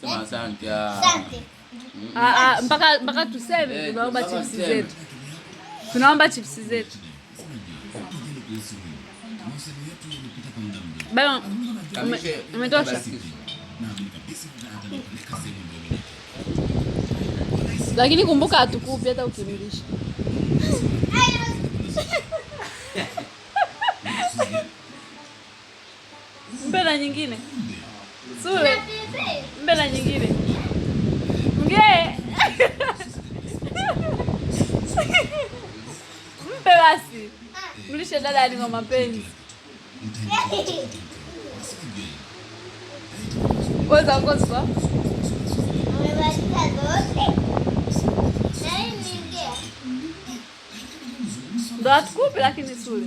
sema asante. Ah. ah, Ah, mpaka mpaka tuseme eh, tunaomba chips zetu. Tunaomba chips zetu. Bado umetosha. Lakini kumbuka hatukupi hata ukimlisha. Mpe na nyingine. Sule mbela nyingine mgee mpe basi, mlishe dada alina mapenzi weza kosa ndo atukupe, lakini Sule